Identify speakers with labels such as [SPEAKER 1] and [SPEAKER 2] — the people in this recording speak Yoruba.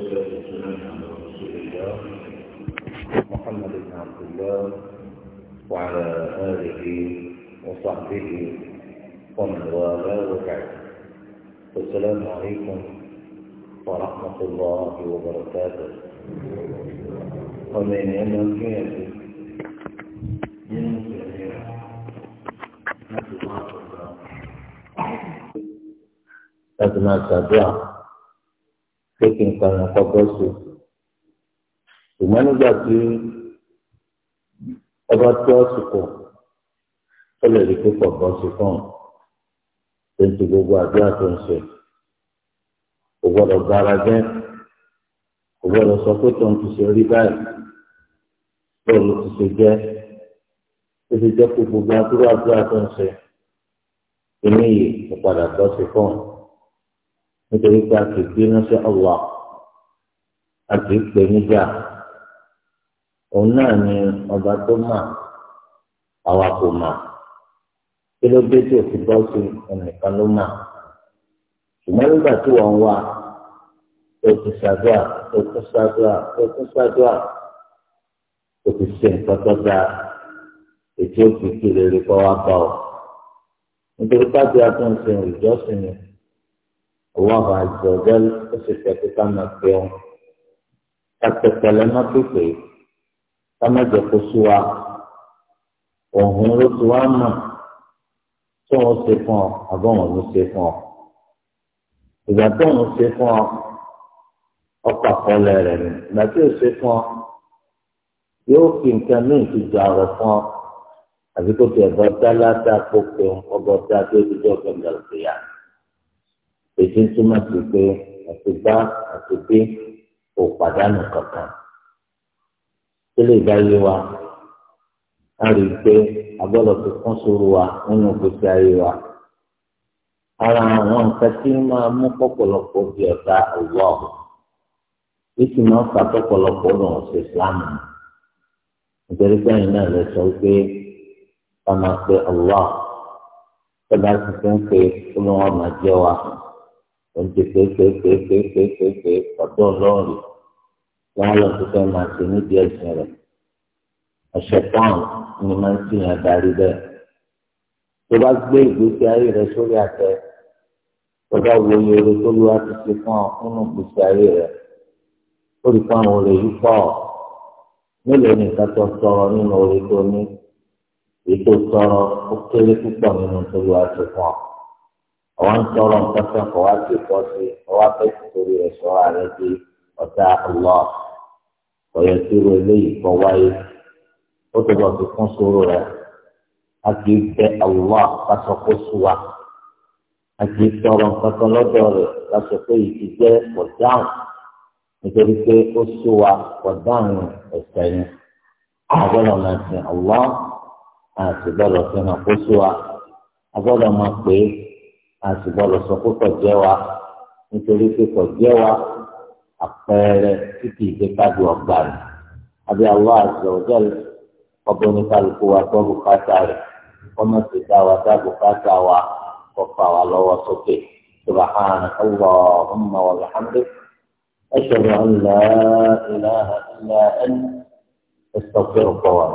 [SPEAKER 1] والصلاة والسلام على رسول الله محمد بن عبد الله وعلى آله وصحبه ومن والاه وبعد والسلام عليكم ورحمة الله وبركاته ومن يمكن يمكن أن تكون أدنى سابعة pé kí n kàn kọ́ bọ́ sí i. ṣùgbọ́n nígbà tí ọba tó ọ̀sùnkù ó lè rí pípọ̀ bọ́ sí fún un tó ń ti gbogbo àdúrà tó ń ṣe. kò gbọ́dọ̀ gbára jẹ́ kò gbọ́dọ̀ sọ pé tó ń ti ṣe rí báyìí bẹ́ẹ̀ ló ti ṣe jẹ́ ó ti jẹ́ kó gbogbo àdúrà tó ń ṣe. inú yìí ó padà fún un nítorí pé a kì í bínú sí ọlọ a kì í pè níjà òun náà ni ọba tó mà àwa kò mà kí ló dé tí òfin bọ́ sí ẹnìkan ló mà ṣùgbọ́n nígbà tí wọ́n wá òkú ṣàdúrà òkú ṣàdúrà òkú ṣàdúrà òkú ṣe nǹkan tó dáa ètò òkú kiri rí kọ́ wá bá ọ nítorí pàdé àtúnṣe ìjọsìn ni. الله عز وجل وصفة كما في يوم تتكلم بكي كما جقسوا وهم رسوا ما tó ń ṣe fún ọ àbọ̀wọ̀n ló ṣe fún ọ ìgbà tó ń ṣe fún ọ ọkọ àkọọlẹ rẹ ni ìgbà tí ò ṣe fún ọ yóò fi nǹkan ní ìtújú àrọ fún ọ àbí kó fi ẹ̀bọ dá ládàá pópin ọgbọ dá tó ti jọ gbẹngàn ìgbéyàwó ètò túmọ̀ sí pé àtìgbà àtìgbé kò pàdánù kankan tó lè dá yé wa a rí i pé agbọ́dọ̀ ti kún sóru wa nínú gbèsè ayé wa ara àwọn nǹkan tí máa mú pọ̀pọ̀lọpọ̀ di ọ̀tá ọ̀wọ́ ọ̀hún títí máa ń fa pọ̀pọ̀lọpọ̀ lòun ṣe ìsìlámù nítorí pé ẹ̀yin náà lè sọ pé ọmọ pé ọ̀wọ́ ọ̀tá bá ti fi ń pe olówó ọmọ jẹ́ wa ó ń ti pépépépépépé ọ̀dọ́ ọlọ́ọ̀rì wàhálà tó fẹ́ máa ṣe nídìí ẹ̀sìn rẹ̀ ọ̀sẹ̀ pọ́ùn ni máa ń tìyàn darí bẹ́ẹ̀ tó bá gbé ìgbésí ayé rẹ sórí àtẹ tó bá wo iye oore tó lù wá ti ṣe fún ọ nínú ìgbésí ayé rẹ ó rí fún àwọn oore yìí pọ̀ mélòó nìkan tó sọ̀rọ̀ nínú oore tó ní èyí sọ̀rọ̀ ó kéré púpọ̀ nínú tó lù wá ti fún ọ ọwọ́ ń tọrọ nǹkan kan kọ̀ wá sí ìkọ́ sí ọwọ́ afẹ́sí torí rẹ̀ sọ́ra rẹ̀ di ọ̀tá Allah ọ̀yọ́ tí ro eléyìí kọ́ wáyé ó ti bọ̀ sí fún sóró rẹ̀ a kì í bẹ Allah kásọ kó sú wa a kì í tọrọ nǹkan kan lọ́dọ̀ rẹ̀ kásọ pé ìdí jẹ́ ọ̀dáhùn nítorí pé ó sú wa ọ̀dáhùn ẹ̀sẹ̀ yẹn àgbọ̀dọ̀ máa sin Allah àti bọ́ọ̀lù ọ̀sẹ̀ wa àgbọ̀dọ̀ máa pè é àsìgbọ́dọ̀ sọ pé kò jẹ́ wa nítorí pé kò jẹ́ wa àpẹẹrẹ tí kì í ṣe káàdì ọgbà rẹ̀ àbí àwọn àṣọ òjẹ́lẹ̀ ọbẹ̀ oníkálukú wa gbọ́ bùkátà rẹ̀ kọ́mọ sì dá wa dá bùkátà wa kọ́ fà wá lọ́wọ́ sókè subhanaka allahumma wa bihamdik ashhadu an la ilaha illa anta astaghfiruka